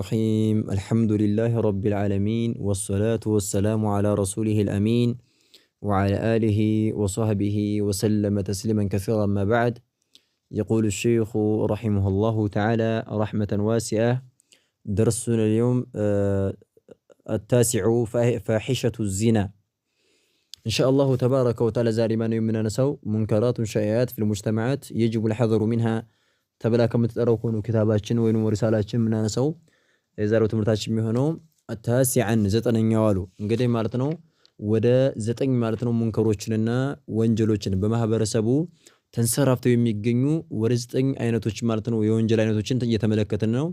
الرحيم الحمد لله رب العالمين والصلاة والسلام على رسوله الأمين وعلى آله وصحبه وسلم تسليما كثيرا ما بعد يقول الشيخ رحمه الله تعالى رحمة واسعة درسنا اليوم آه، التاسع فاحشة الزنا إن شاء الله تبارك وتعالى زاري ما يمنا نسو منكرات شائعات في المجتمعات يجب الحذر منها ተብላ كتابات شنوين ورسالات ወይም من نسو የዛሬው ትምህርታችን የሚሆነው ተሲዐን ዘጠነኛው አሉ እንግዲህ ማለት ነው ወደ ዘጠኝ ማለት ነው ሙንከሮችንና ወንጀሎችን በማህበረሰቡ ተንሰራፍተው የሚገኙ ወደ ዘጠኝ አይነቶች ማለት ነው የወንጀል አይነቶችን እየተመለከትን ነው።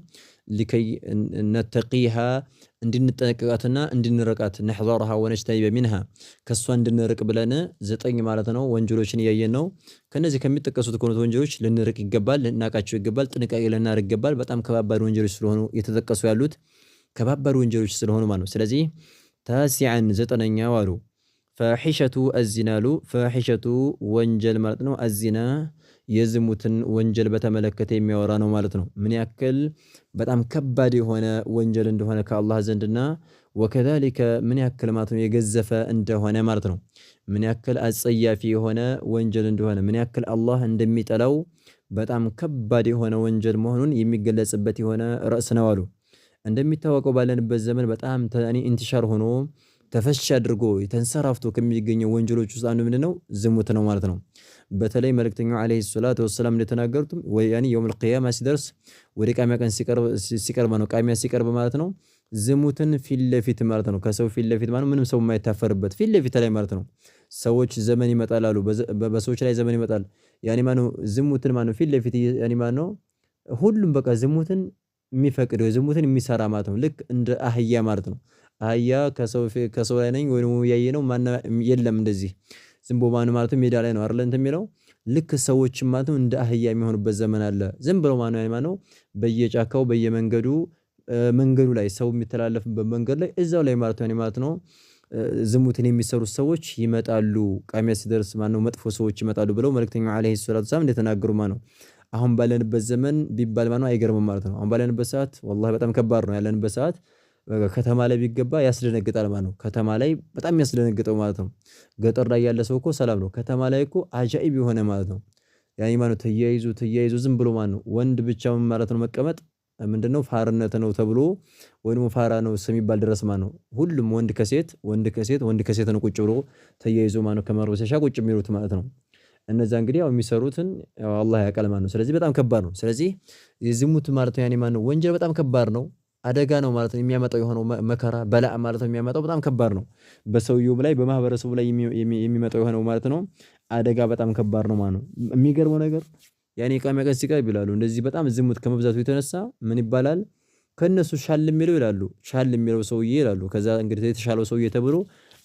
ሊከይ ነተቂሃ እንድንጠነቀቃትና እንድንረቃት ነሕዛርሃ ወነጅተኒበ ሚንሃ ከእሷ እንድንርቅ ብለን ዘጠኝ ማለት ነው ወንጀሎችን እያየን ነው። ከእነዚህ ከሚጠቀሱት ከሆኑት ወንጀሎች ልንርቅ ይገባል፣ ልናቃቸው ይገባል፣ ጥንቃቄ ልናደርግ ይገባል። በጣም ከባባድ ወንጀሎች ስለሆኑ የተጠቀሱ ያሉት ከባባድ ወንጀሎች ስለሆኑ ማለት ነው። ስለዚህ ታሲያን ዘጠነኛ ዋሉ ፈሒሸቱ አዚናሉ ፈሒሸቱ ወንጀል ማለት ነው። አዚና የዝሙትን ወንጀል በተመለከተ የሚያወራ ነው ማለት ነው። ምን ያክል በጣም ከባድ የሆነ ወንጀል እንደሆነ ከአላህ ዘንድና ወከዛሊከ ምን ያክል ማለት ነው የገዘፈ እንደሆነ ማለት ነው። ምን ያክል አጸያፊ የሆነ ወንጀል እንደሆነ ምን ያክል አላህ እንደሚጠላው በጣም ከባድ የሆነ ወንጀል መሆኑን የሚገለጽበት የሆነ ርዕስ ነው አሉ። እንደሚታወቀው ባለንበት ዘመን በጣም ኢንትሻር ሆኖ ተፈሽ አድርጎ ተንሰራፍቶ ከሚገኘው ወንጀሎች ውስጥ አንዱ ምንድነው? ዝሙት ነው ማለት ነው። በተለይ መልእክተኛው ዓለይሂ ሰላቱ ወሰላም እንደተናገሩት ወያኔ የውም ቂያማ ሲደርስ ወደ ቃሚያ ቀን ሲቀርብ ነው። ቃሚያ ሲቀርብ ማለት ነው ዝሙትን ፊት ማለት ነው። ከሰው ፊት ማለት ምንም ሰው የማይታፈርበት ፊት ላይ ማለት ነው። ሰዎች ዘመን ይመጣል አሉ። በሰዎች ላይ ዘመን ይመጣል። ያኔ ማነው ዝሙትን ማነው ፊት ለፊት ያኔ ማነው ሁሉም በቃ ዝሙትን የሚፈቅደው ዝሙትን የሚሰራ ማለት ነው። ልክ እንደ አህያ ማለት ነው። አህያ ከሰው ላይ ነኝ ወይ ደግሞ እያየ ነው የለም እንደዚህ ዝም ብሎ ማን ማለት ሜዳ ላይ ነው አይደል እንትን የሚለው ልክ ሰዎች ማለት እንደ አህያ የሚሆኑበት ዘመን አለ። ዝም ብሎ ማን ማለት ነው በየጫካው በየመንገዱ መንገዱ ላይ ሰው የሚተላለፍበት መንገድ ላይ እዛው ላይ ማለት ነው ማለት ነው። ዝሙትን የሚሰሩ ሰዎች ይመጣሉ ቃሚያ ሲደርስ ማነው መጥፎ ሰዎች ይመጣሉ ብለው መልእክተኛው ዓለይሂ ሰላቱ ወሰላም እንደተናገሩ ማለት ነው። አሁን ባለንበት ዘመን ቢባል ማነው አይገርምም ማለት ነው። አሁን ባለንበት ሰዓት ወላሂ በጣም ከባድ ነው ያለንበት ሰዓት ከተማ ላይ ቢገባ ያስደነግጣል ማለት ነው። ከተማ ላይ በጣም ያስደነግጠው ማለት ነው። ገጠር ላይ ያለ ሰው እኮ ሰላም ነው ከተማ ላይ እኮ አጃኢብ የሆነ ማለት ነው። ያኔ ማለት ተያይዞ ተያይዞ ዝም ብሎ ማለት ነው ወንድ ብቻውን ማለት ነው መቀመጥ ምንድነው ፋርነት ነው ተብሎ ወይ ፋራ ነው እስከሚባል ድረስ ማለት ነው። ሁሉም ወንድ ከሴት ወንድ ከሴት ወንድ ከሴት ነው ቁጭ ብሎ ተያይዞ ማለት ነው ሰሻ ቁጭ የሚሉት ማለት ነው። እነዛ እንግዲህ ያው የሚሰሩትን ያው አላህ ያቀል ማለት ነው። ስለዚህ በጣም ከባድ ነው። ስለዚህ የዝሙት ማለት ነው ያኔ ማለት ነው ወንጀል በጣም ከባድ ነው አደጋ ነው ማለት ነው የሚያመጣው የሆነው መከራ በላእ ማለት ነው የሚያመጣው በጣም ከባድ ነው። በሰውየውም ላይ በማህበረሰቡ ላይ የሚመጣው የሆነው ማለት ነው አደጋ በጣም ከባድ ነው ማለት ነው። የሚገርመው ነገር ያኔ ቃሚያ ያቀብ ሲቀርብ ይላሉ እንደዚህ በጣም ዝሙት ከመብዛቱ የተነሳ ምን ይባላል? ከነሱ ሻል የሚለው ይላሉ ሻል የሚለው ሰውዬ ይላሉ ከዛ እንግዲህ የተሻለው ሰውዬ ተብሎ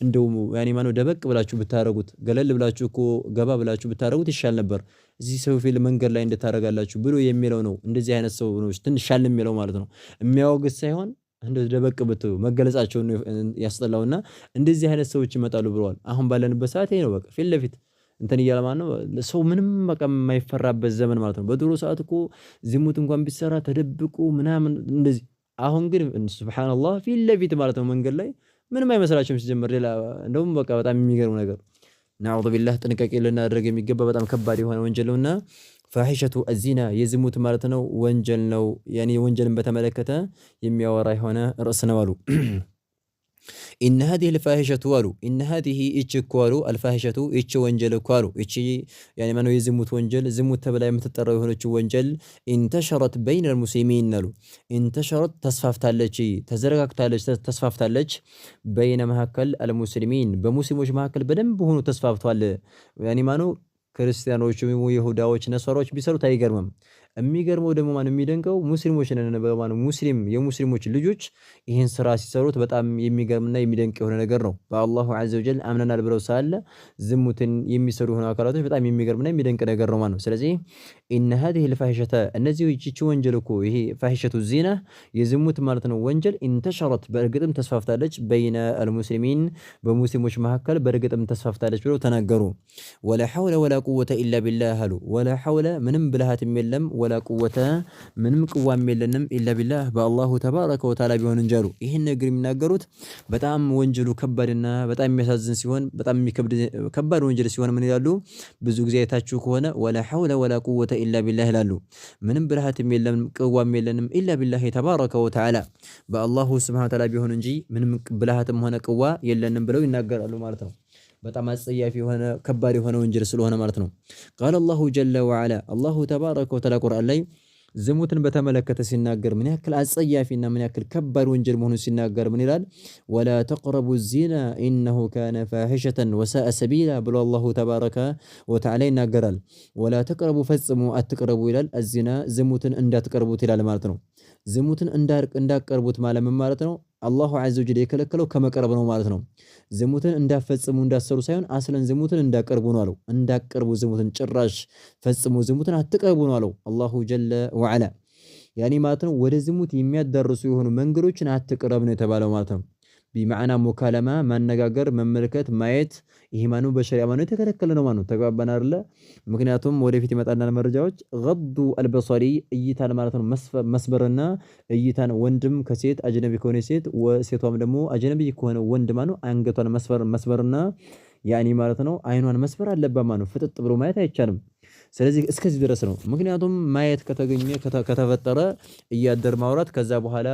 እንደውም ያኔ ማነው ደበቅ ብላችሁ ብታረጉት ገለል ብላችሁ እኮ ገባ ብላችሁ ብታረጉት ይሻል ነበር እዚህ ሰው ፊል መንገድ ላይ እንድታደርጋላችሁ ብሎ የሚለው ነው። እንደዚህ አይነት ሰው ነው ትንሻል የሚለው ማለት ነው። የሚያወግዝ ሳይሆን እንደ ደበቅ ብት መገለጻቸውን ያስጠላውና እንደዚህ አይነት ሰዎች ይመጣሉ ብለዋል። አሁን ባለንበት ሰዓት ይሄ ነው በቃ ፊት ለፊት እንትን እያለ ማለት ነው። ሰው ምንም በቃ የማይፈራበት ዘመን ማለት ነው። በድሮ ሰዓት እኮ ዝሙት እንኳን ቢሰራ ተደብቁ ምናምን እንደዚህ። አሁን ግን ሱብሃነላህ ፊት ለፊት ማለት ነው መንገድ ላይ ምንም አይመስላቸውም ሲጀምር ሌላ እንደውም በቃ በጣም የሚገርም ነገር ናዑዙ ቢላህ ጥንቃቄ ልናደርግ የሚገባ በጣም ከባድ የሆነ ወንጀል ነውና ፋሒሸቱ አዚና የዝሙት ማለት ነው ወንጀል ነው። ያኔ ወንጀልን በተመለከተ የሚያወራ የሆነ ርዕስ ነው አሉ። ኢነ ሀዚህ ልፋሂሸቱ አሉ ኢነ ሀዚህ እች እኮ አሉ አልፋሂሸቱ እች ወንጀል እኮ አሉ እች ማነው የዝሙት ወንጀል ዝሙት ተብላ የምትጠራው የሆነች ወንጀል ኢንተሸረት በይን አልሙስሊሚን አሉ ኢንተሸረት ተስፋፍታለች፣ ተዘረጋግታለች፣ ተስፋፍታለች በይነ መካከል አልሙስሊሚን በሙስሊሞች መካከል በደንብ ሆኖ ተስፋፍቷል። ያኔ ማነው ክርስቲያኖቹ፣ ይሁዳዎች፣ ነሷራዎች ቢሰሩት አይገርምም። የሚገርመው ደግሞ ማን የሚደንቀው ሙስሊሞች ነን በማን ሙስሊም የሙስሊሞች ልጆች ይህን ስራ ሲሰሩት በጣም የሚገርምና የሚደንቅ የሆነ ነገር ነው። በአላሁ ዐዘ ወጀል አምነናል ብለው ሳለ ዝሙትን የሚሰሩ የሆኑ አካላቶች በጣም የሚገርምና የሚደንቅ ነገር ነው ማለት ነው። ስለዚህ ኢነ ሀዚህ ልፋሒሸተ እነዚህ ይቺ ወንጀል እኮ ይሄ ፋሒሸቱ ዚና የዝሙት ማለት ነው ወንጀል ኢንተሸረት በእርግጥም ተስፋፍታለች በይነ አልሙስሊሚን በሙስሊሞች መካከል በእርግጥም ተስፋፍታለች ብለው ተናገሩ። ወላ ሐውለ ወላ ቁወተ ኢላ ቢላህ አሉ። ወላ ሐውለ ምንም ብልሃትም የለም ወላ ቁወተ ምንም ቅዋም የለንም ኢላ ቢላህ በአላሁ ተባረከ ወተዓላ ቢሆን እንጀሉ። ይህን ነገር የሚናገሩት በጣም ወንጀሉ ከባድና በጣም የሚያሳዝን ሲሆን በጣም ከባድ ወንጀል ሲሆን ምን ይላሉ? ብዙ ጊዜ አይታችሁ ከሆነ ወላ ሐውለ ወላ ቁወተ ኢላ ቢላህ ይላሉ። ምንም ብልሃትም የለንም ቅዋም የለንም ኢላ ቢላህ ተባረከ ወተዓላ በአላሁ ስብሃነ ወተዓላ ቢሆን እንጂ ምንም ብልሃትም ሆነ ቅዋ የለንም ብለው ይናገራሉ ማለት ነው። በጣም አጸያፊ የሆነ ከባድ የሆነ ወንጀል ስለሆነ ማለት ነው። ቃለ አላሁ ጀለ ወዐላ አላሁ ተባረከ ወተዓላ ቁርአን ላይ ዝሙትን በተመለከተ ሲናገር ምን ያክል አጸያፊና ምን ያክል ከባድ ወንጀል መሆኑን ሲናገር ምን ይላል? ወላ ተቅረቡ ዚና ኢነሁ ካነ ፋሒሸተን ወሳአ ሰቢላ ብሎ አላሁ ተባረከ ወተዓላ ይናገራል። ወላ ተቅረቡ ፈጽሞ አትቅረቡ ይላል። አዚና ዝሙትን እንዳትቀርቡት ይላል ማለት ነው። ዝሙትን እንዳቀርቡት ማለም ማለት ነው? አላሁ ወጀል የከለከለው ከመቅረብ ነው ማለት ነው። ዝሙትን እንዳፈጽሙ እንዳሰሩ ሳይሆን አስለን ዝሙትን እንዳቀርቡ ነው አለው። እንዳቀርቡ ዝሙትን ጭራሽ ፈጽሙ ዝሙትን አትቀርቡ ነው አለው አላሁ ጀለ ወዐላ ያኔ ማለት ነው ወደ ዝሙት የሚያዳርሱ የሆኑ መንገዶችን አትቅረብ ነው የተባለው ማለት ነው። ቢመዕና ሙካለማ ማነጋገር፣ መመልከት፣ ማየት ይሄ ማኑ በሸሪዓ ማኑ የተከለከለ ነው። ማኑ ተግባባን አይደለ? ምክንያቱም ወደፊት ይመጣናል መረጃዎች ገዱ አልበሰሪ እይታን ማለት ነው መስበርና እይታን ወንድም ከሴት አጅነቢ ከሆነ ሴት ሴቷም ደግሞ አጅነቢ ከሆነ ወንድ ማኑ አንገቷን መስበር መስበርና ያኒ ማለት ነው አይኗን መስበር አለባት ማኑ ፍጥጥ ብሎ ማየት አይቻልም። ስለዚህ እስከዚህ ድረስ ነው። ምክንያቱም ማየት ከተገኘ ከተፈጠረ እያደር ማውራት ከዛ በኋላ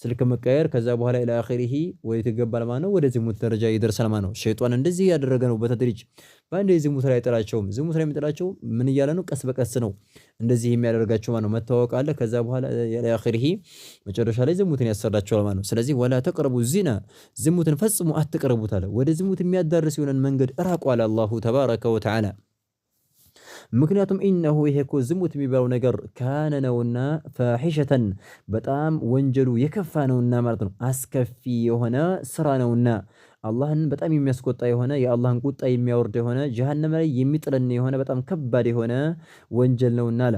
ስልክ መቀየር ከዛ በኋላ ኢላ አኺሪሂ ወዴት ይገባል ማለት ነው? ወደ ዝሙት ደረጃ ይደርሳል ማለት ነው። ሸይጣን እንደዚህ እያደረገ ነው። በተድሪጅ በአንድ ዝሙት ላይ አይጥላቸውም። ዝሙት ላይ የሚጥላቸው ምን እያለ ነው? ቀስ በቀስ ነው እንደዚህ የሚያደርጋቸው ማለት ነው። መተዋወቅ አለ። ከዛ በኋላ ኢላ አኺሪሂ መጨረሻ ላይ ዝሙትን ያሰራቸዋል ማለት ነው። ስለዚህ ወላ ተቅረቡ ዚና፣ ዝሙትን ፈጽሞ አትቅረቡት አለ። ወደ ዝሙት የሚያዳርስ የሆነን መንገድ እራቁ አለ አላሁ ተባረከ ወተዓላ። ምክንያቱም ኢነሁ ይሄ እኮ ዝሙት የሚባለው ነገር ካነ ነውና ፋሒሸተን በጣም ወንጀሉ የከፋ ነውና ማለት ነው። አስከፊ የሆነ ስራ ነውና አላህን በጣም የሚያስቆጣ የሆነ የአላህን ቁጣ የሚያወርድ የሆነ ጀሃነም ላይ የሚጥለን የሆነ በጣም ከባድ የሆነ ወንጀል ነውና አለ።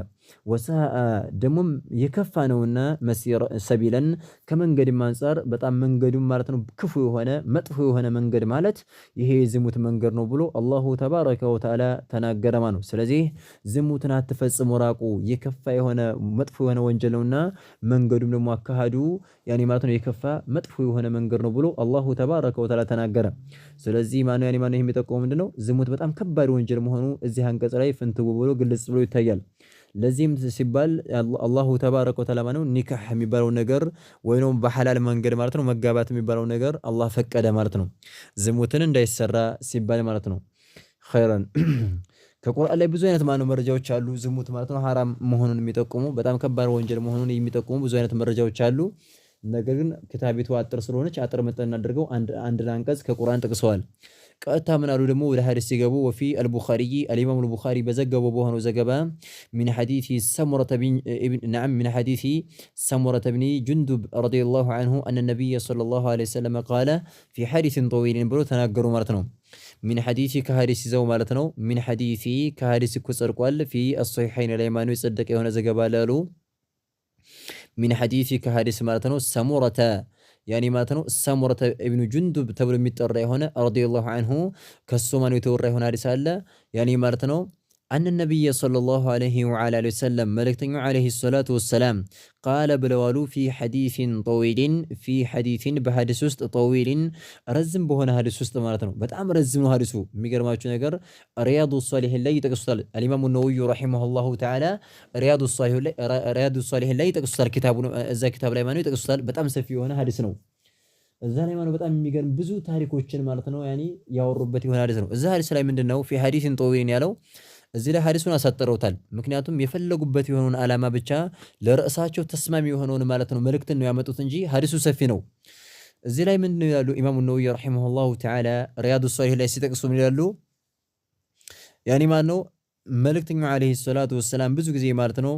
ደግሞም የከፋ ነውና መሲረ ሰቢለን ከመንገድም አንፃር በጣም መንገዱም ማለት ነው ክፉ የሆነ መጥፎ የሆነ መንገድ ማለት ይሄ የዝሙት መንገድ ነው ብሎ አላሁ ተባረከ ወተዓላ ተናገረ ማለት ነው። ስለዚህ ዝሙትን አትፈጽሙ ራቁ፣ የከፋ የሆነ መጥፎ የሆነ ወንጀል ነውና መንገዱም ደግሞ አካሃዱ ያኔ ማለት ነው የከፋ መጥፎ የሆነ መንገድ ነው ብሎ አላሁ ተባረከ ወተዓላ ተናገረ። ስለዚህ ማነው ያኔ ማነው ይሄ የሚጠቁመው ምንድነው? ዝሙት በጣም ከባድ ወንጀል መሆኑ እዚህ አንቀጽ ላይ ፍንትው ብሎ ግልጽ ብሎ ይታያል። ለዚህም ሲባል አላሁ ተባረከ ወተዓላ ማለት ነው ኒካህ የሚባለው ነገር ወይም በሐላል መንገድ ማለት ነው መጋባት የሚባለው ነገር አላህ ፈቀደ ማለት ነው። ዝሙትን እንዳይሰራ ሲባል ማለት ነው። ኸይረን ከቁርአን ላይ ብዙ አይነት ማነው መረጃዎች አሉ። ዝሙት ማለት ነው ሐራም መሆኑን የሚጠቁሙ በጣም ከባድ ወንጀል መሆኑን የሚጠቁሙ ብዙ አይነት መረጃዎች አሉ። ነገር ግን ክታቢቱ አጥር ስለሆነች አጥር መጠን አድርገው አንድ አንቀጽ ከቁርአን ጠቅሰዋል። كأتها من أرو دمو لها رسيقبو وفي البخاري الإمام البخاري بزقبو بوهن وزقبا من حديث سمرة بن نعم من حديث سمرة بن جندب رضي الله عنه أن النبي صلى الله عليه وسلم قال في حديث طويل بروتنا قرو من حديث كهاريس زو مالتنو من حديث كهاريس كسر قال في الصحيحين الإيمان يصدق هنا زقبا لالو من حديث كهاريس مالتنو سمرة ያኔ ማለት ነው ሳሙረተ ኢብኑ ጁንዱብ ተብሎ የሚጠራ የሆነ ረዲየላሁ አንሁ ከሱ ማነው የተወራ የሆነ ሐዲስ አለ ያኔ ማለት ነው አን ነቢይ ሰለላሁ ዓለይሂ ወዓላ ወሰለም መልእክተኛው ዓለይሂ ሰላቱ ወሰላም ቃለ ብለዋሉ ፊ ሐዲሲን ጠዊሊን ፊ ሐዲሲን በሐዲስ ውስጥ ጠዊሊን ረዝም በሆነ ሐዲስ ውስጥ ማለት ነው። በጣም ረዝም ነው ሐዲሱ። የሚገርማችሁ ነገር ሪያዱ ሷሊሒን ላይ ይጠቅሱታል። አልኢማሙ ነወዩ ረሒመሁላሁ ተዓላ ሪያዱ ሷሊሒን ላይ ይጠቅሱታል። እዛ ኪታብ ላይ ማነው ይጠቅሱታል። በጣም ሰፊ የሆነ ሐዲስ ነው። እዛ ላይ ማለት በጣም የሚገርም ብዙ ታሪኮችን ማለት ነው ያኔ ያወሩበት የሆነ ሐዲስ ነው። እዛ ሐዲስ ላይ ምንድነው ነው ፊ ሐዲሲን ጠዊሊን ያለው እዚህ ላይ ሀዲሱን አሳጥረውታል። ምክንያቱም የፈለጉበት የሆነውን ዓላማ ብቻ ለርዕሳቸው ተስማሚ የሆነውን ማለት ነው መልእክትን ነው ያመጡት እንጂ ሀዲሱ ሰፊ ነው። እዚህ ላይ ምንድነው ይላሉ ኢማሙ ነወዊ ረሒመሁላሁ ተዓላ ሪያዱ ሷሊህ ላይ ሲጠቅሱ ምን ይላሉ? ያኒ ማን ነው መልእክተኛው ዓለይሂ ሰላቱ ወሰላም ብዙ ጊዜ ማለት ነው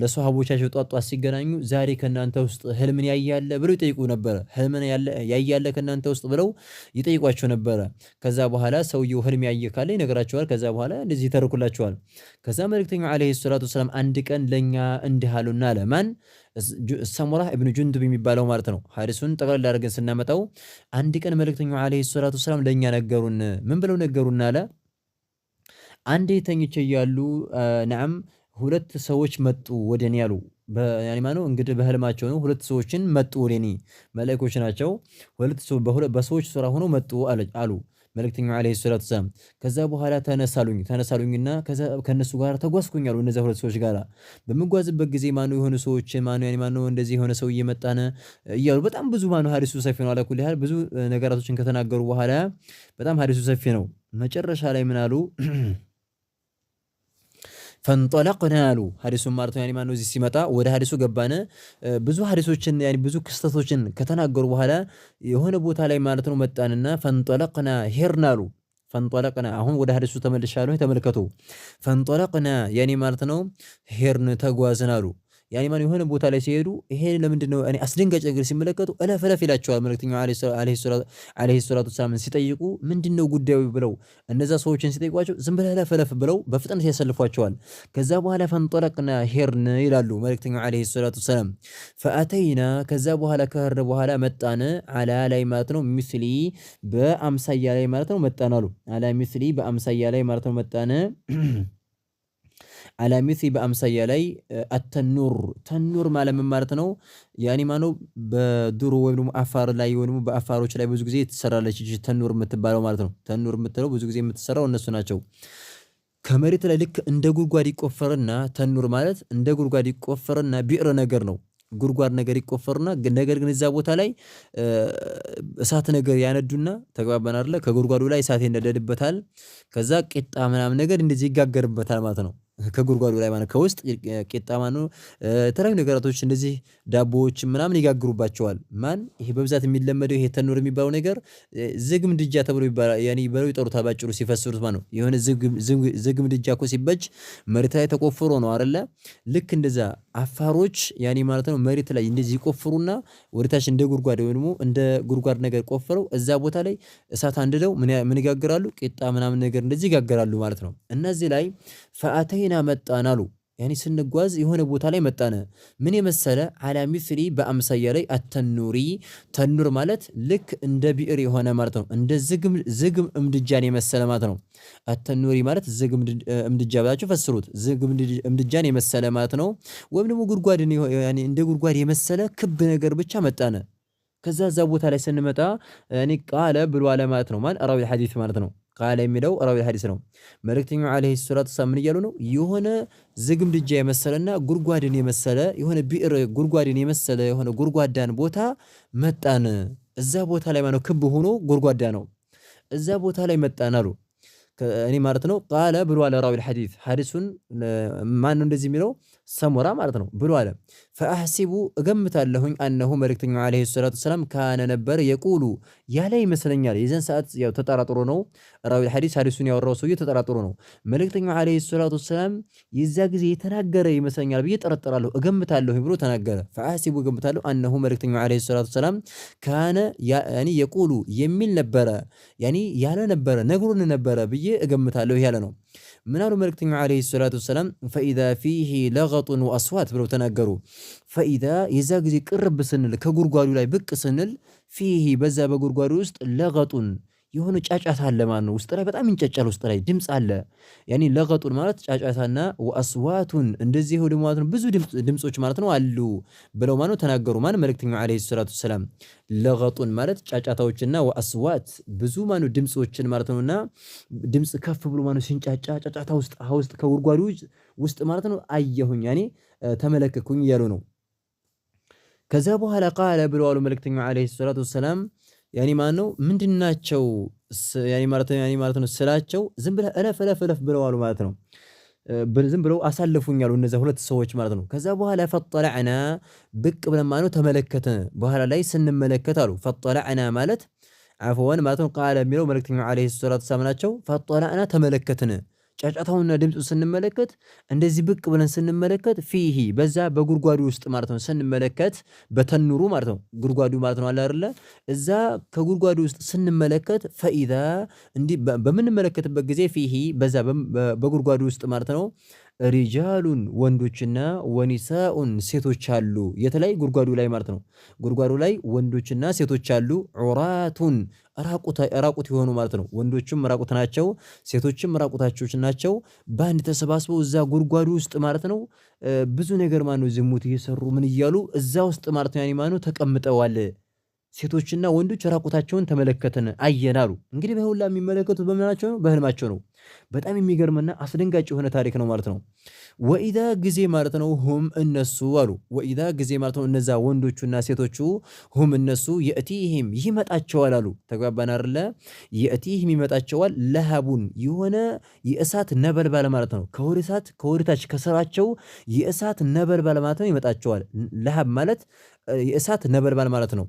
ለሰሃቦቻቸው ጧት ሲገናኙ ዛሬ ከእናንተ ውስጥ ህልምን ያያለ ብለው ይጠይቁ ነበረ። ህልምን ያያለ ከእናንተ ውስጥ ብለው ይጠይቋቸው ነበረ። ከዛ በኋላ ሰውየው ህልም ያየ ካለ ይነግራቸዋል። ከዛ በኋላ እንደዚህ ይተርኩላቸዋል። ከዛ መልእክተኛው ዓለይሂ ሰላቱ ወሰላም አንድ ቀን ለእኛ እንዲህ አሉና ማን? ሰሙራህ እብኑ ጁንድብ የሚባለው ማለት ነው። ሐዲሱን ጠቅለል አድርገን ስናመጣው አንድ ቀን መልእክተኛው ዓለይሂ ሰላቱ ወሰላም ለእኛ ነገሩን። ምን ብለው ነገሩና አለ? አንዴ ተኝቼ እያሉ ነዓም ሁለት ሰዎች መጡ ወደ እኔ አሉ ያኔ ማለት ነው እንግዲህ በህልማቸው ነው ሁለት ሰዎችን መጡ ወደ እኔ መላእክቶች ናቸው። ሁለት ሰው በሰዎች ሱራ ሆኖ መጡ አሉ መልእክተኛው አለይሂ ሰላቱ ወሰላም ከዛ በኋላ ተነሳሉኝ ተነሳሉኝና ከዛ ከነሱ ጋር ተጓዝኩኝ አሉ እነዚያ ሁለት ሰዎች ጋር በምጓዝበት ጊዜ ማኑ የሆኑ ሰዎች ማነው ያኔ ማነው እንደዚህ የሆነ ሰው እየመጣነ እያሉ በጣም ብዙ ማኑ ሀዲሱ ሰፊ ነው። አላ ኩሊ ብዙ ነገራቶችን ከተናገሩ በኋላ በጣም ሀዲሱ ሰፊ ነው። መጨረሻ ላይ ምን አሉ? ፈንጠለቅና አሉ ሀዲሱን ማለት ነው። ማነው እዚህ ሲመጣ ወደ ሀዲሱ ገባነ። ብዙ ሀዲሶችን ብዙ ክስተቶችን ከተናገሩ በኋላ የሆነ ቦታ ላይ ማለት ነው መጣንና ፈንጠለቅና ሄርና አሉ። ፈንጠለቅና አሁን ወደ ሀዲሱ ተመልሻለሁ። ተመልከቱ። ፈንጠለቅና ያኔ ማለት ነው ሄርን ተጓዝን አሉ ያኔ ማን የሆነ ቦታ ላይ ሲሄዱ ይሄ ለምንድን ነው እኔ አስደንጋጭ ነገር ሲመለከቱ እለፍ እለፍ ይላቸዋል። መልእክተኛው አለይሂ ሰላቱ ሰላም ሲጠይቁ ምንድን ነው ጉዳዩ ብለው እነዛ ሰዎችን ሲጠይቋቸው ዝም ብለህ እለፍ እለፍ ብለው በፍጥነት ያሰልፏቸዋል። ከዛ በኋላ ፈንጠለቅና ሄርን ይላሉ መልእክተኛው አለይሂ ሰላቱ ሰላም። ፈአተይና ከዛ በኋላ ከሄርን በኋላ መጣን አላ ላይ ማለት ነው ሚስሊ በአምሳያ ላይ ማለት ነው መጣን አሉ አላ ሚስሊ በአምሳያ ላይ ማለት ነው መጣን አላ በአምሳያ ላይ አተኑር ተኑር ማለት ማለት ነው? ያኔ ማነው በድሮ ወይም ደግሞ አፋር ላይ ወይም በአፋሮች ላይ ብዙ ጊዜ ትሰራለች ተኑር የምትባለው ማለት ነው። ተኑር የምትለው ብዙ ጊዜ የምትሰራው እነሱ ናቸው። ከመሬት ላይ ልክ እንደ ጉድጓድ ይቆፈርና ተኑር ማለት እንደ ጉድጓድ ይቆፈርና ቢዕር ነገር ነው ጉድጓድ ነገር ይቆፈርና ነገር ግን እዛ ቦታ ላይ እሳት ነገር ያነዱና ተግባባን አይደለ? ከጉድጓዱ ላይ እሳት ይነደድበታል። ከዛ ቂጣ ምናምን ነገር እንደዚህ ይጋገርበታል ማለት ነው። ከጉድጓዱ ላይ ማለት ከውስጥ ቄጣ ማኑ የተለያዩ ነገራቶች እንደዚህ ዳቦዎች ምናምን ይጋግሩባቸዋል። ማን ይሄ በብዛት የሚለመደው ይሄ ተኖር የሚባለው ነገር ዝግም ድጃ ተብሎ ይባላል። ያኔ ብለው ይጠሩታል ባጭሩ ሲፈስሩት ማለት ነው። የሆነ ዝግም ድጃ እኮ ሲበጅ መሬት ላይ ተቆፍሮ ነው አይደለ? ልክ እንደዛ አፋሮች ያኔ ማለት ነው መሬት ላይ እንደዚህ ይቆፍሩና ወደታች እንደ ጉድጓድ ወይ ደግሞ እንደ ጉድጓድ ነገር ቆፍረው እዛ ቦታ ላይ እሳት አንድደው ምን ይጋግራሉ? ቂጣ ምናምን ነገር እንደዚህ ይጋግራሉ ማለት ነው። እነዚህ ላይ ፈአተይና መጣን አሉ ያኔ ስንጓዝ የሆነ ቦታ ላይ መጣነ። ምን የመሰለ አላሚስሪ በአምሳያ ላይ አተኑሪ ተኑር ማለት ልክ እንደ ብዕር የሆነ ማለት ነው። እንደ ዝግ እምድጃን የመሰለ ማለት ነው። አተኑሪ ማለት ዝግ እምድጃ ብላችሁ ፈስሩት። ዝግ እምድጃን የመሰለ ማለት ነው። ወይም ደግሞ ጉድጓድ፣ እንደ ጉድጓድ የመሰለ ክብ ነገር ብቻ መጣነ። ከዛ እዛ ቦታ ላይ ስንመጣ ቃለ ብሎ አለ ማለት ነው። ማን ራዊ ሐዲስ ማለት ነው። ቃለ የሚለው ራዊ ሐዲስ ነው። መልእክተኛው ዓለይሂ ሰላቱ ሰላም ምን እያሉ ነው? የሆነ ዝግምድጃ የመሰለና ጉድጓድን የመሰለ የሆነ ብዕር ጉድጓድን የመሰለ የሆነ ጉድጓዳን ቦታ መጣን። እዛ ቦታ ላይ ማነው ክብ ሆኖ ጎድጓዳ ነው። እዛ ቦታ ላይ መጣን አሉ። እኔ ማለት ነው ቃለ ብሏል ራዊ ሐዲስ ሐዲሱን ማን ነው እንደዚህ የሚለው ሰሞራ ማለት ነው ብሎ አለ። ፈአሕሲቡ እገምታለሁኝ አነሁ መልእክተኛው ዓለይሂ ሰላቱ ወሰላም ካነ ነበር የቁሉ ያለ ይመስለኛል። የዘን ሰዓት ያው ተጠራጥሮ ነው ራዊ ሐዲስ ሐዲሱን ያወራው ሰውዬ ተጠራጥሮ ነው። መልእክተኛው ዓለይሂ ሰላቱ ወሰላም የዛ ጊዜ የተናገረ ይመስለኛል ብዬ ጠረጠራለሁ፣ እገምታለሁኝ ብሎ ተናገረ። ፈአሕሲቡ እገምታለሁ አነሁ መልእክተኛው ዓለይሂ ሰላቱ ወሰላም ካነ ያኒ የቁሉ የሚል ነበረ ያኒ ያለ ነበረ ነግሩን ነበረ ብዬ እገምታለሁ ያለ ነው። ምን አሉ መልእክተኛው ዓለይሂ ሰላቱ ወሰላም፣ ፈኢዛ ፊሂ ለገጡን ወአስዋት ብለው ተናገሩ። ፈኢዛ የዛ ጊዜ ቅርብ ስንል ከጉድጓዱ ላይ ብቅ ስንል ፊሂ በዛ በጉድጓዱ ውስጥ ለገጡን የሆነ ጫጫታ አለ ማለት ነው። ውስጥ ላይ በጣም ይንጫጫል፣ ውስጥ ላይ ድምፅ አለ። ያኔ ለቀጡን ማለት ጫጫታና ወአስዋቱን እንደዚህ ይሁን ማለት ነው። ብዙ ድምጾች ማለት ነው አሉ ብለው ማለት ተናገሩ። ማን መልእክተኛው አለይሂ ሰላቱ ሰላም ለቀጡን ማለት ጫጫታዎችና ወአስዋት ብዙ ማለት ድምጾችን ማለት ነውና ድምጽ ከፍ ብሎ ማለት ሲንጫጫ ጫጫታ ውስጥ ውስጥ ከጉድጓዱ ውስጥ ማለት ነው አየሁኝ፣ ያኔ ተመለከኩኝ እያሉ ነው። ከዛ በኋላ ቃለ ብለው መልእክተኛው አለይሂ ሰላቱ ሰላም ያኔ ማን ነው ምንድናቸው? ያኔ ማለት ያኔ ማለት ነው ስላቸው ዝም ብለህ እለፍ እለፍ እለፍ ብለዋሉ ማለት ነው። ዝም ብለው አሳለፉኝ አሉ እነዚያ ሁለት ሰዎች ማለት ነው። ከዛ በኋላ ፈጠለዕና ብቅ ብለን ማነው ተመለከትን በኋላ ላይ ስንመለከት አሉ ፈጠለዕና ማለት አፍወን ማለት ነው ቃለ የሚለው መልእክተኛው ዓለይሂ ሰላቱ ወሰላም ናቸው። ፈጠለዕና ተመለከትን ጫጫታውና ድምፁ ስንመለከት እንደዚህ ብቅ ብለን ስንመለከት ፊሂ በዛ በጉድጓዱ ውስጥ ማለት ነው። ስንመለከት በተኑሩ ማለት ነው ጉድጓዱ ማለት ነው አለ አይደለ? እዛ ከጉድጓዱ ውስጥ ስንመለከት ፈኢዛ እንዲህ በምንመለከትበት ጊዜ ፊሂ በዛ በጉድጓዱ ውስጥ ማለት ነው ሪጃሉን ወንዶችና ወኒሳኡን ሴቶች አሉ። የተለይ ጉድጓዱ ላይ ማለት ነው። ጉድጓዱ ላይ ወንዶችና ሴቶች አሉ። ዑራቱን ራቁት የሆኑ ማለት ነው። ወንዶችም ራቁት ናቸው፣ ሴቶችም ራቁታቸው ናቸው። በአንድ ተሰባስበው እዛ ጉድጓዱ ውስጥ ማለት ነው ብዙ ነገር ማለት ነው ዝሙት እየሰሩ ምን እያሉ እዛ ውስጥ ማለት ነው ያኔ ነው ተቀምጠዋል። ሴቶችና ወንዶች ራቁታቸውን ተመለከተን አየን አሉ። እንግዲህ በሁላ የሚመለከቱት በምናቸው ነው በህልማቸው ነው። በጣም የሚገርምና አስደንጋጭ የሆነ ታሪክ ነው ማለት ነው። ወኢዛ ጊዜ ማለት ነው ሁም እነሱ አሉ። ወኢዛ ጊዜ ማለት ነው እነዛ ወንዶቹና ሴቶቹ ሁም እነሱ የእቲህም ይመጣቸዋል አሉ። ተግባባን አይደለ? የእቲህም ይመጣቸዋል ለሃቡን የሆነ የእሳት ነበልባል ማለት ነው። ከወደ እሳት ከወደታች ከስራቸው የእሳት ነበልባል ማለት ነው ይመጣቸዋል። ለሃብ ማለት የእሳት ነበልባል ማለት ነው።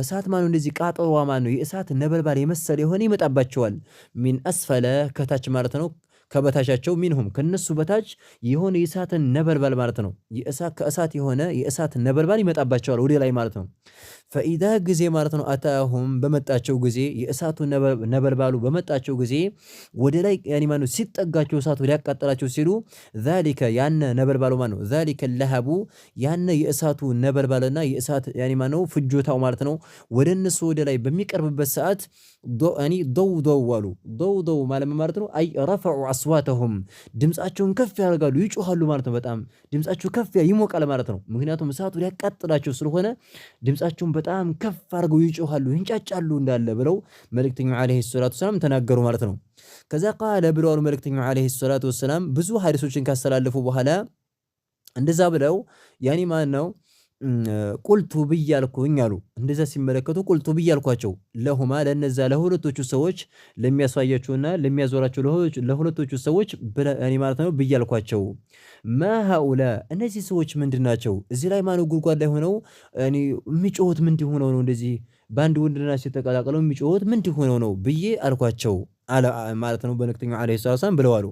እሳት ማነው እንደዚህ ቃጠሎዋ ማነው የእሳት ነበልባል የመሰለ የሆነ ይመጣባቸዋል። ሚን አስፈለ ከታች ማለት ነው ከበታቻቸው ሚንሁም ከነሱ በታች የሆነ የእሳትን ነበልባል ማለት ነው። ከእሳት የሆነ የእሳት ነበልባል ይመጣባቸዋል ወደ ላይ ማለት ነው። ፈኢዛ ጊዜ ማለት ነው። አታሁም በመጣቸው ጊዜ የእሳቱ ነበልባሉ በመጣቸው ጊዜ ወደ ላይ ያኒማኑ ሲጠጋቸው እሳቱ ሊያቃጠላቸው ሲሉ ዛሊከ ያነ ነበልባሉ ማለት ነው። ዛሊከ ለሃቡ ያነ የእሳቱ ነበልባልና የእሳት ያኒማኑ ፍጆታው ማለት ነው። ወደ እነሱ ወደ ላይ በሚቀርብበት ሰዓት ዶአኒ ዶው ዶው አሉ ዶው ዶው ማለት ማለት ነው። አይ ረፈዑ አስዋተሁም ድምጻቸውን ከፍ ያደርጋሉ ይጮሃሉ ማለት ነው። በጣም ድምጻቸው ከፍ ይሞቃል ማለት ነው። ምክንያቱም እሳቱ ሊያቃጥላቸው ስለሆነ ድምጻቸውን በጣም ከፍ አድርገው ይጮኻሉ፣ ይንጫጫሉ እንዳለ ብለው መልእክተኛው ዓለይሂ ሰላቱ ወሰላም ተናገሩ ማለት ነው። ከዛ ቃለ ብለዋሉ መልእክተኛው ዓለይሂ ሰላቱ ወሰላም ብዙ ሀዲሶችን ካስተላለፉ በኋላ እንደዛ ብለው ያኔ ማን ነው ቁልቱ ብያልኩኝ አሉ። እንደዛ ሲመለከቱ ቁልቱ ብያልኳቸው ለሁማ ለነዛ ለሁለቶቹ ሰዎች ለሚያሳያቸውና ለሚያዞራቸው ለሁለቶቹ ሰዎች እኔ ማለት ነው ብያልኳቸው። ማ ሃኡላ እነዚህ ሰዎች ምንድን ናቸው? እዚህ ላይ ማነው ጉድጓድ ላይ ሆነው የሚጮሁት ምንድን ሆነው ነው? እንደዚህ በአንድ ወንድና ሴት ተቀላቅለው የሚጮሁት ምንድን ሆነው ነው ብዬ አልኳቸው ማለት ነው መልእክተኛው ዓለይሂ ሰላቱ ወሰላም ብለዋሉ።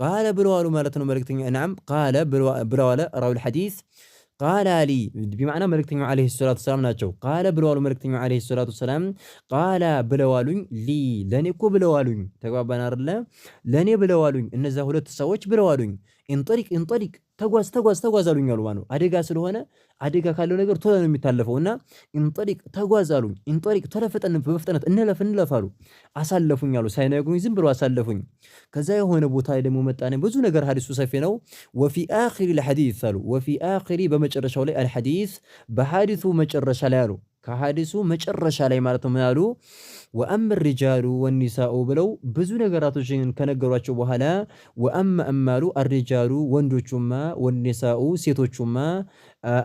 ቃለ ብለዋሉ ማለት ነው መልእክተኛው ናም ቃለ ብለዋለ ራዊል ሐዲስ ቃለ አሊ ቢማዕና መልእክተኛው ዓለይሂ ሰላቱ ሰላም ናቸው። ቃለ ብለዋሉ መልእክተኛው ዓለይሂ ሰላቱ ሰላም ቃለ ብለዋሉኝ ሊ ለእኔ እኮ ብለዋሉኝ። ተግባባን አይደለ? ለእኔ ብለዋሉኝ። እነዚያ ሁለት ሰዎች ብለዋሉኝ። እንጠሪቅ እንጠሪቅ ተጓዝ ተጓዝ ተጓዝ አሉኝ አሉ ማለት ነው። አደጋ ስለሆነ አደጋ ካለው ነገር ቶሎ ነው የሚታለፈው እና ኢንጠሪቅ ተጓዝ አሉኝ። ኢንጠሪቅ ቶሎ በፍጥነት እንለፍ እንለፍ አሉ። አሳለፉኝ አሉ። ሳይነግሩኝ ዝም ብሎ አሳለፉኝ። ከዛ የሆነ ቦታ ላይ ደግሞ መጣነ። ብዙ ነገር ሀዲሱ ሰፊ ነው። ወፊ አኺሪ ለሐዲስ አሉ። ወፊ አኺሪ በመጨረሻው ላይ አልሐዲስ በሀዲሱ መጨረሻ ላይ አሉ ከሐዲሱ መጨረሻ ላይ ማለት ነው። ምናሉ ወአም ሪጃሉ ወኒሳኡ ብለው ብዙ ነገራቶችን ከነገሯቸው በኋላ ወአም እማሉ አሪጃሉ ወንዶቹማ ወኒሳኡ ሴቶቹማ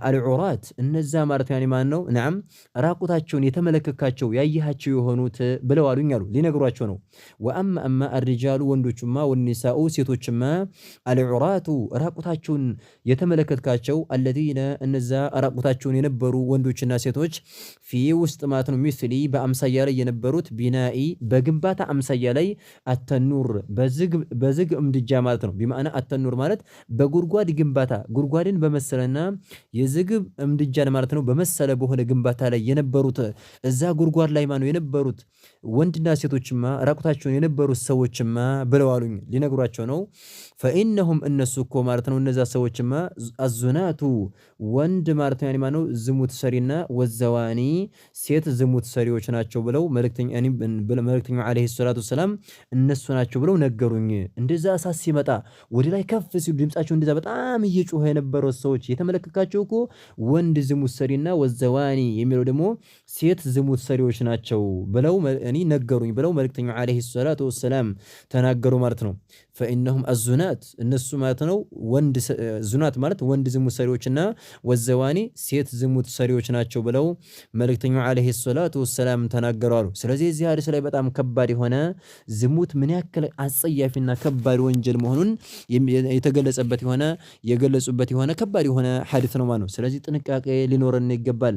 አልዑራት እነዛ ማለት ያኔ ማን ነው ነዓም ራቁታቸውን የተመለከካቸው ያየሃቸው የሆኑት ብለው አሉኝ አሉ ሊነግሯቸው ነው። ወአማ አማ አርጃሉ ወንዶችማ ወኒሳኡ ሴቶችማ፣ አልዑራቱ ራቁታቸውን የተመለከትካቸው አለዚነ እነዛ ራቁታቸውን የነበሩ ወንዶችና ሴቶች ፊ ውስጥ ማለት ነው ሚስሊ በአምሳያ ላይ የነበሩት ቢናኢ በግንባታ አምሳያ ላይ አተኑር በዝግ እምድጃ ማለት ነው። ቢማዕና አተኑር ማለት በጉድጓድ ግንባታ ጉድጓድን በመሰለና የዝግብ እምድጃን ማለት ነው። በመሰለ በሆነ ግንባታ ላይ የነበሩት እዛ ጉድጓድ ላይ ማነው የነበሩት ወንድና ሴቶችማ ራቁታቸውን የነበሩት ሰዎችማ ብለው አሉኝ ሊነግሯቸው ነው። ፈኢነሁም እነሱ እኮ ማለት ነው እነዛ ሰዎችማ አዙናቱ ወንድ ማለት ነው ነው ዝሙት ሰሪና ወዘዋኒ ሴት ዝሙት ሰሪዎች ናቸው ብለው መልእክተኛው ዓለይሂ ሰላቱ ሰላም እነሱ ናቸው ብለው ነገሩኝ። እንደዛ እሳት ሲመጣ ወደ ላይ ከፍ ሲሉ ድምጻቸው እንደዛ በጣም እየጮኸ የነበረው ሰዎች የተመለከካቸው አልፋልቁ ወንድ ዝሙት ሰሪና ወዘዋኒ የሚለው ደግሞ ሴት ዝሙት ሰሪዎች ናቸው ብለው እኔ ነገሩኝ ብለው መልክተኛ ዓለይሂ ሰላቱ ወሰላም ተናገሩ ማለት ነው። ፈኢነሁም አዙናት እነሱ ማለት ነው ወንድ ዙናት ማለት ወንድ ዝሙት ሰሪዎችና ወዘዋኒ ሴት ዝሙት ሰሪዎች ናቸው ብለው መልእክተኛው ዓለይሂ ሰላቱ ወሰላም ተናገሩ አሉ። ስለዚህ እዚህ ሀዲስ ላይ በጣም ከባድ የሆነ ዝሙት ምን ያክል አጸያፊና ከባድ ወንጀል መሆኑን የተገለጸበት የሆነ የገለጹበት የሆነ ከባድ የሆነ ሀዲስ ነው ማለት ነው። ስለዚህ ጥንቃቄ ሊኖረን ይገባል።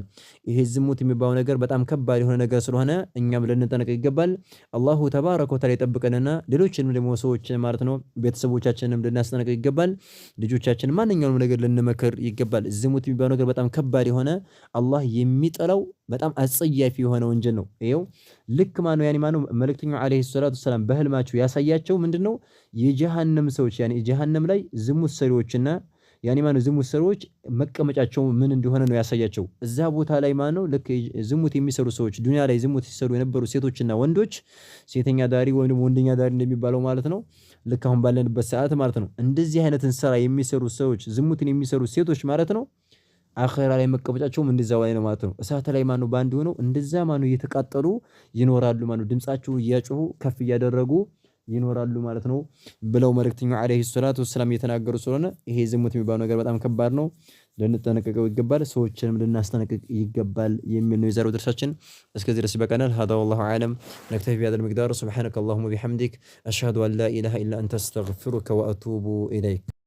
ይሄ ዝሙት የሚባለው ነገር በጣም ከባድ የሆነ ነገር ስለሆነ እኛም ልንጠነቀቅ ይገባል። አላሁ ተባረከ ወተዓላ ይጠብቀንና ሌሎችንም ደግሞ ሰዎች ማለት ነው ነው። ቤተሰቦቻችንም ልናስጠነቅቅ ይገባል። ልጆቻችን ማንኛውንም ነገር ልንመክር ይገባል። ዝሙት የሚባለው ነገር በጣም ከባድ የሆነ አላህ የሚጠላው በጣም አጸያፊ የሆነ ወንጀል ነው። ይኸው ልክ ማነው ያኔ ማነው መልእክተኛው ዓለይሂ ሰላቱ ሰላም በህልማቸው ያሳያቸው ምንድን ነው የጀሃነም ሰዎች ያኔ ጀሃነም ላይ ዝሙት ሰሪዎችና የአኒማን ዝሙት ሰዎች መቀመጫቸው ምን እንደሆነ ነው ያሳያቸው። እዛ ቦታ ላይ ማነው ልክ ዝሙት የሚሰሩ ሰዎች ዱንያ ላይ ዝሙት ሲሰሩ የነበሩ ሴቶችና ወንዶች ሴተኛ ዳሪ ወይም ወንደኛ ዳሪ እንደሚባለው ማለት ነው ልክ አሁን ባለንበት ሰዓት ማለት ነው እንደዚህ አይነትን ስራ የሚሰሩ ሰዎች ዝሙትን የሚሰሩ ሴቶች ማለት ነው አኼራ ላይ መቀመጫቸውም እንደዛው ላይ ነው ማለት ነው። እሳት ላይ ማነው በአንድ ሆነው እንደዛ ማነው እየተቃጠሉ ይኖራሉ። ማነው ድምፃቸው እያጮሁ ከፍ እያደረጉ ይኖራሉ ማለት ነው ብለው መልእክተኛው ዓለይሂ ሰላቱ ወሰላም የተናገሩ ስለሆነ ይሄ ዝሙት የሚባለው ነገር በጣም ከባድ ነው። ልንጠነቀቀው ይገባል፣ ሰዎችንም ልናስጠነቅቅ ይገባል የሚል ነው የዛሬው ድርሳችን። እስከዚህ ድረስ ይበቃናል። ሀዳ ወላሁ አለም። ነክተፊ ቢሀዛል ሚቅዳር ሱብሓነከ አላሁመ ቢሐምዲክ አሽሀዱ አን ላ ኢላሃ ኢላ አንተ አስተግፊሩከ ወአቱቡ ኢለይክ።